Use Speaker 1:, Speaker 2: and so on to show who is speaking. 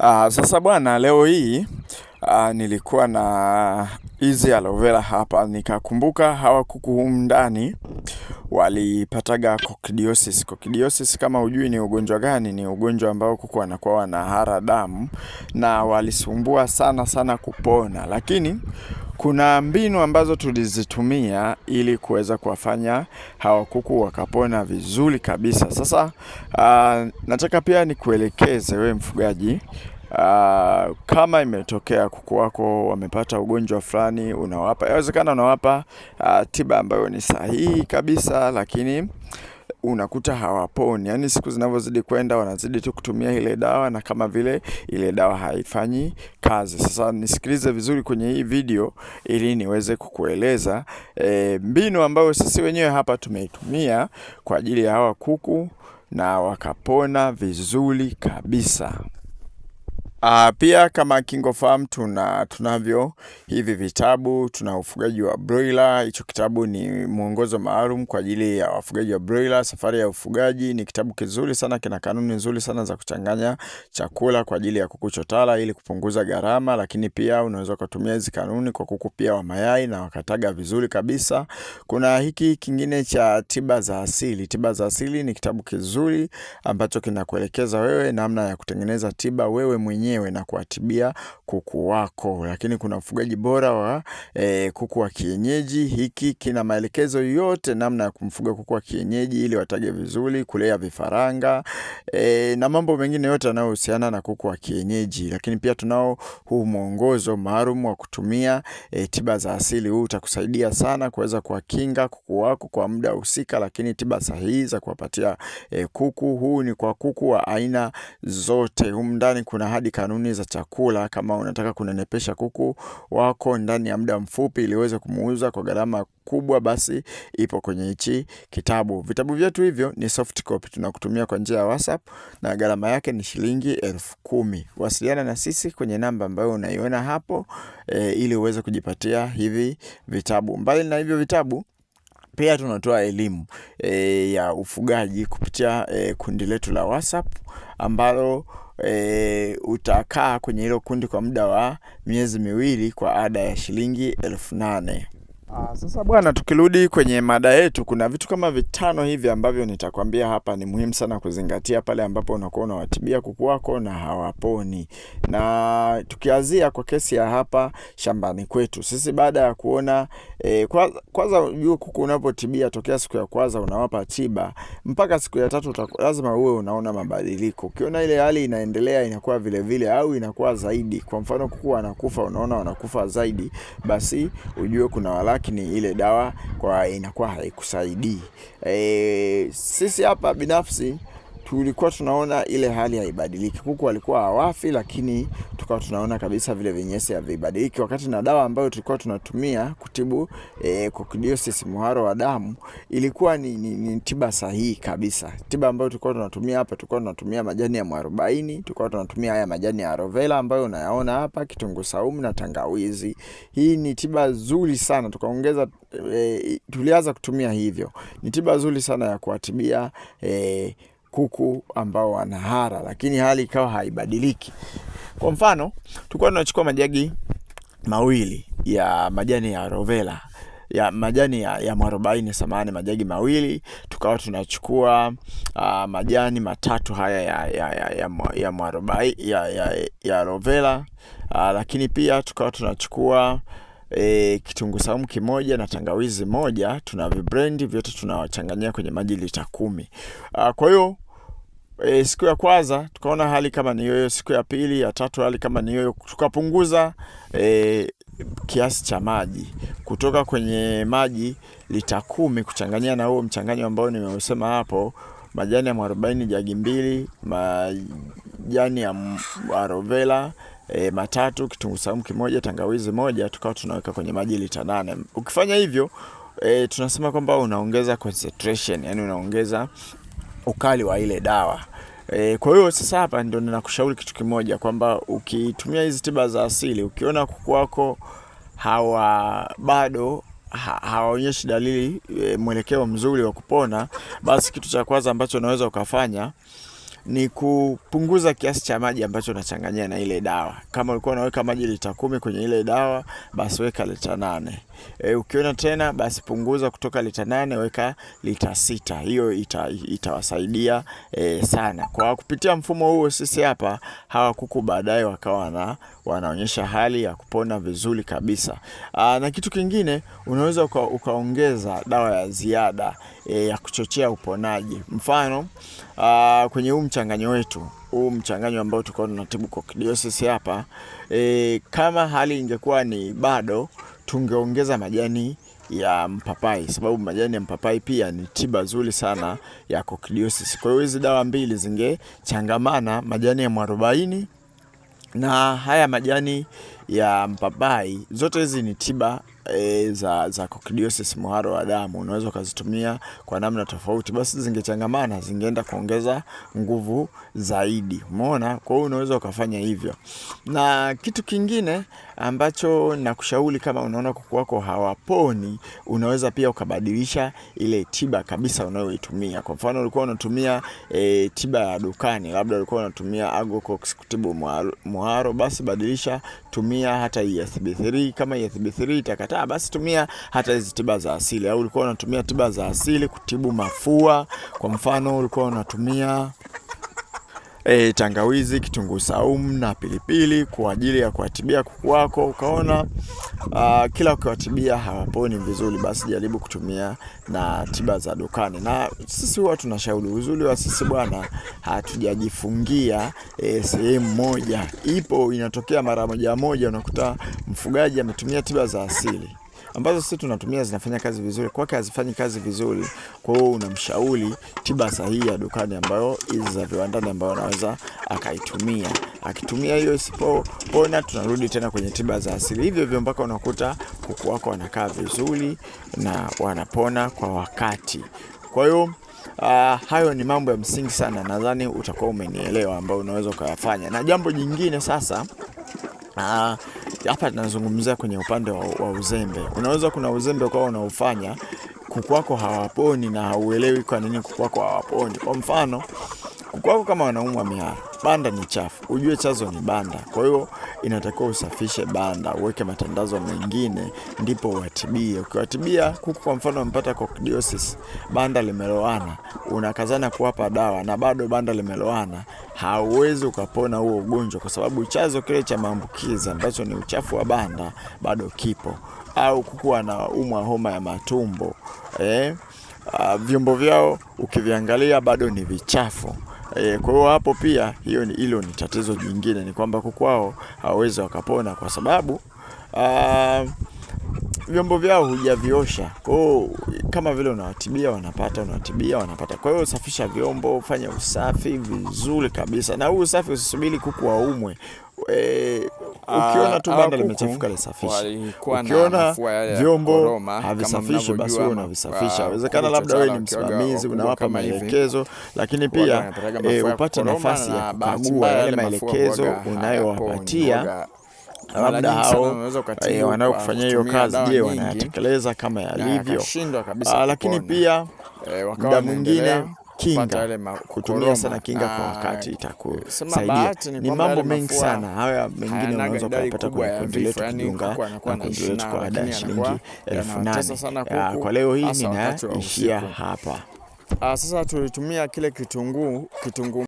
Speaker 1: Uh, sasa bwana, leo hii uh, nilikuwa na hizi aloe vera hapa, nikakumbuka hawa kuku humu ndani walipataga coccidiosis. Coccidiosis kama hujui ni ugonjwa gani, ni ugonjwa ambao kuku wanakuwa wanahara damu na walisumbua sana sana kupona, lakini kuna mbinu ambazo tulizitumia ili kuweza kuwafanya hawa kuku wakapona vizuri kabisa. Sasa uh, nataka pia nikuelekeze wewe mfugaji Uh, kama imetokea kuku wako wamepata ugonjwa fulani, unawapa inawezekana unawapa uh, tiba ambayo ni sahihi kabisa, lakini unakuta hawaponi, yaani siku zinavyozidi kwenda wanazidi tu kutumia ile dawa na kama vile ile dawa haifanyi kazi. Sasa nisikilize vizuri kwenye hii video ili niweze kukueleza e, mbinu ambayo sisi wenyewe hapa tumeitumia kwa ajili ya hawa kuku na wakapona vizuri kabisa. Uh, pia kama Kingo Farm tuna tunavyo hivi vitabu. Tuna ufugaji wa broiler, hicho kitabu ni mwongozo maalum kwa ajili ya wafugaji wa broiler, safari ya ufugaji. Ni kitabu kizuri sana, kina kanuni nzuri sana za kuchanganya chakula kwa ajili ya kuku chotara ili kupunguza gharama, lakini pia unaweza kutumia hizi kanuni kwa kuku pia wa mayai na wakataga vizuri kabisa. Kuna hiki kingine cha tiba za asili. Tiba za asili ni kitabu kizuri ambacho kinakuelekeza wewe namna ya kutengeneza tiba wewe mwenyewe wenyewe na kuatibia kuku wako. Lakini kuna ufugaji bora wa e, kuku wa kienyeji. Hiki kina maelekezo yote namna ya kumfuga kuku wa kienyeji ili watage vizuri, kulea vifaranga e, na mambo mengine yote yanayohusiana na kuku wa kienyeji. Lakini pia tunao huu mwongozo maalum wa kutumia e, tiba za asili. Huu utakusaidia sana kuweza kuwakinga kuku wako kwa muda husika, lakini tiba sahihi za kuwapatia e, kuku. Huu ni kwa kuku wa aina zote. Humu ndani kuna hadi kanuni za chakula. Kama unataka kunenepesha kuku wako ndani ya muda mfupi ili uweze kumuuza kwa gharama kubwa, basi ipo kwenye hichi kitabu. Vitabu vyetu hivyo ni soft copy, tunakutumia kwa njia ya WhatsApp na gharama yake ni shilingi elfu kumi. Wasiliana na sisi kwenye namba ambayo unaiona hapo e, ili uweze kujipatia hivi vitabu. Mbali na hivyo vitabu pia tunatoa elimu e, ya ufugaji kupitia e, kundi letu la WhatsApp ambalo e, utakaa kwenye hilo kundi kwa muda wa miezi miwili kwa ada ya shilingi elfu nane. Aa, ah, sasa bwana, tukirudi kwenye mada yetu, kuna vitu kama vitano hivi ambavyo nitakwambia hapa ni muhimu sana kuzingatia pale ambapo unakuwa unawatibia kuku wako na hawaponi. Na tukianzia kwa kesi ya hapa shambani kwetu sisi, baada ya kuona e, kwanza ujue kuku unapotibia tokea siku ya kwanza unawapa tiba mpaka siku ya tatu utaku, lazima uwe unaona mabadiliko. Ukiona ile hali inaendelea inakuwa vile vile au inakuwa zaidi, kwa mfano kuku anakufa, unaona wanakufa zaidi, basi ujue kuna walaki lakini ile dawa kwa inakuwa haikusaidii. E, sisi hapa binafsi tulikuwa tunaona ile hali haibadiliki. Kuku walikuwa hawafi, lakini tukawa tunaona kabisa vile vinyesi havibadiliki, wakati na dawa ambayo tulikuwa tunatumia kutibu e, eh, kokidiosis muharo wa damu ilikuwa ni, ni, ni tiba sahihi kabisa. Tiba ambayo tulikuwa tunatumia hapa, tulikuwa tunatumia majani ya mwarobaini, tulikuwa tunatumia haya majani ya arovela ambayo unayaona hapa, kitunguu saumu na tangawizi. Hii ni tiba nzuri sana, tukaongeza e, tulianza kutumia hivyo. Ni tiba nzuri sana ya kuwatibia e, kuku ambao wanahara, lakini hali ikawa haibadiliki. Kwa mfano, tulikuwa tunachukua majagi mawili ya majani ya rovela ya majani ya, ya mwarobaini samani, majagi mawili tukawa tunachukua uh, majani matatu haya ya, ya, ya, ya, ya mwarobaini ya, ya, ya rovela uh, ah, lakini pia tukawa tunachukua e, kitungu saumu kimoja na tangawizi moja, tuna vibrendi vyote tunawachanganyia kwenye maji lita kumi. Kwa hiyo e, siku ya kwanza tukaona hali kama ni hiyo, siku ya pili, ya tatu hali kama ni hiyo, tukapunguza e, kiasi cha maji kutoka kwenye maji lita kumi kuchanganyia na huo mchanganyo ambao nimeusema hapo, majani ya mwarobaini jagi mbili, majani ya arovela e, matatu, kitunguu saumu kimoja, tangawizi moja, tukawa tunaweka kwenye maji lita nane. Ukifanya hivyo e, tunasema kwamba unaongeza concentration, yani unaongeza ukali wa ile dawa. E, kwa hiyo sasa hapa ndio ninakushauri kitu kimoja kwamba ukitumia hizi tiba za asili, ukiona kuku wako hawa bado hawaonyeshi dalili e, mwelekeo mzuri wa kupona, basi kitu cha kwanza ambacho unaweza ukafanya ni kupunguza kiasi cha maji ambacho unachanganyia na ile dawa. Kama ulikuwa unaweka maji lita kumi kwenye ile dawa, basi weka lita nane. E, ukiona tena basi punguza kutoka lita nane weka lita sita. Hiyo itawasaidia e, sana. Kwa kupitia mfumo huo sisi hapa hawa kuku baadaye wakawa na wanaonyesha hali ya kupona vizuri kabisa. Aa, ah, na kitu kingine unaweza uka, ukaongeza dawa ya ziada e, ya kuchochea uponaji. Mfano aa, ah, kwenye huu mchanganyo wetu huu mchanganyo ambao tulikuwa tunatibu kokidiosis hapa e, kama hali ingekuwa ni bado, tungeongeza majani ya mpapai sababu majani ya mpapai pia ni tiba zuri sana ya kokidiosis. Kwa hiyo hizi dawa mbili zingechangamana, majani ya mwarobaini na haya majani ya mpapai, zote hizi ni tiba e, za, za kokidiosis, muharo wa damu. Unaweza ukazitumia kwa namna tofauti, basi zingechangamana zingeenda kuongeza nguvu zaidi. Umeona? Kwa hiyo unaweza ukafanya hivyo, na kitu kingine ambacho nakushauri kama unaona kuku wako hawaponi, unaweza pia ukabadilisha ile tiba kabisa unayoitumia. Kwa mfano ulikuwa unatumia e, tiba ya dukani, labda ulikuwa unatumia Agocox kutibu muharo, basi badilisha, tumia hata ESB3. Kama ESB3 itakataa, basi tumia hata hizi tiba za asili. Au ulikuwa unatumia tiba za asili kutibu mafua, kwa mfano ulikuwa unatumia e, tangawizi, kitunguu saumu na pilipili kwa ajili ya kuwatibia kuku wako. Ukaona uh, kila ukiwatibia hawaponi vizuri, basi jaribu kutumia na tiba za dukani. Na sisi huwa tunashauri, uzuri wa sisi bwana, hatujajifungia e, sehemu moja. Ipo inatokea mara moja moja, unakuta mfugaji ametumia tiba za asili ambazo sisi tunatumia zinafanya kazi vizuri, kwake hazifanyi kazi vizuri. Kwa hiyo unamshauri tiba sahihi ya dukani ambayo hizi za viwandani ambayo anaweza akaitumia. Akitumia hiyo isipopona, tunarudi tena kwenye tiba za asili, hivyo hivyo mpaka unakuta kuku wako wanakaa vizuri na wanapona kwa wakati. Kwa hiyo Uh, hayo ni mambo ya msingi sana, nadhani utakuwa umenielewa, ambayo unaweza ukayafanya. Na jambo jingine sasa Ah, hapa tunazungumzia kwenye upande wa, wa uzembe. Unaweza kuna uzembe kwa unaofanya kuku wako hawaponi na hauelewi kwa nini kuku wako hawaponi. Kwa mfano kwako kama wanaumwa miara, banda ni chafu, ujue chazo ni banda. Kwa hiyo inatakiwa usafishe banda, uweke matandazo mengine, ndipo uwatibie. Ukiwatibia kuku, kwa mfano amepata kokidiosis, banda limeloana, unakazana kuwapa dawa na bado banda limeloana, hauwezi ukapona huo ugonjwa, kwa sababu chazo kile cha maambukizi ambacho ni uchafu wa banda bado kipo. Au kuku anaumwa homa ya matumbo eh? Uh, vyombo vyao ukiviangalia bado ni vichafu. E, kwa hiyo hapo pia hiyo ni hilo ni tatizo jingine, ni kwamba kuku wao hawawezi wakapona kwa sababu aa, ah, vyombo vyao hujaviosha. Kwa hiyo kama vile unawatibia wanapata, unawatibia wanapata. Kwa hiyo safisha vyombo, fanya usafi vizuri kabisa, na huu usafi usisubiri kuku waumwe. E, ukiona tu banda limechafuka lisafishe. Ukiona vyombo havisafishi basi wewe unavisafisha. Inawezekana labda wewe ni msimamizi, unawapa maelekezo, lakini pia e, upate nafasi ya kukagua yale maelekezo unayowapatia labda hao eh, wanaokufanyia hiyo kazi, je, wanayatekeleza kama yalivyo? Ah, lakini pia eh, muda mwingine kinga, kutumia sana kinga kwa ah, wakati itakusaidia. Ni mambo mengi sana, haya mengine unaweza ukayapata kwenye kundi letu Kijiunga na kundi letu kwa ada ya shilingi elfu nane. Ah, kwa leo hii ninaishia hapa. Ah, sasa tulitumia kile kitunguu kitunguu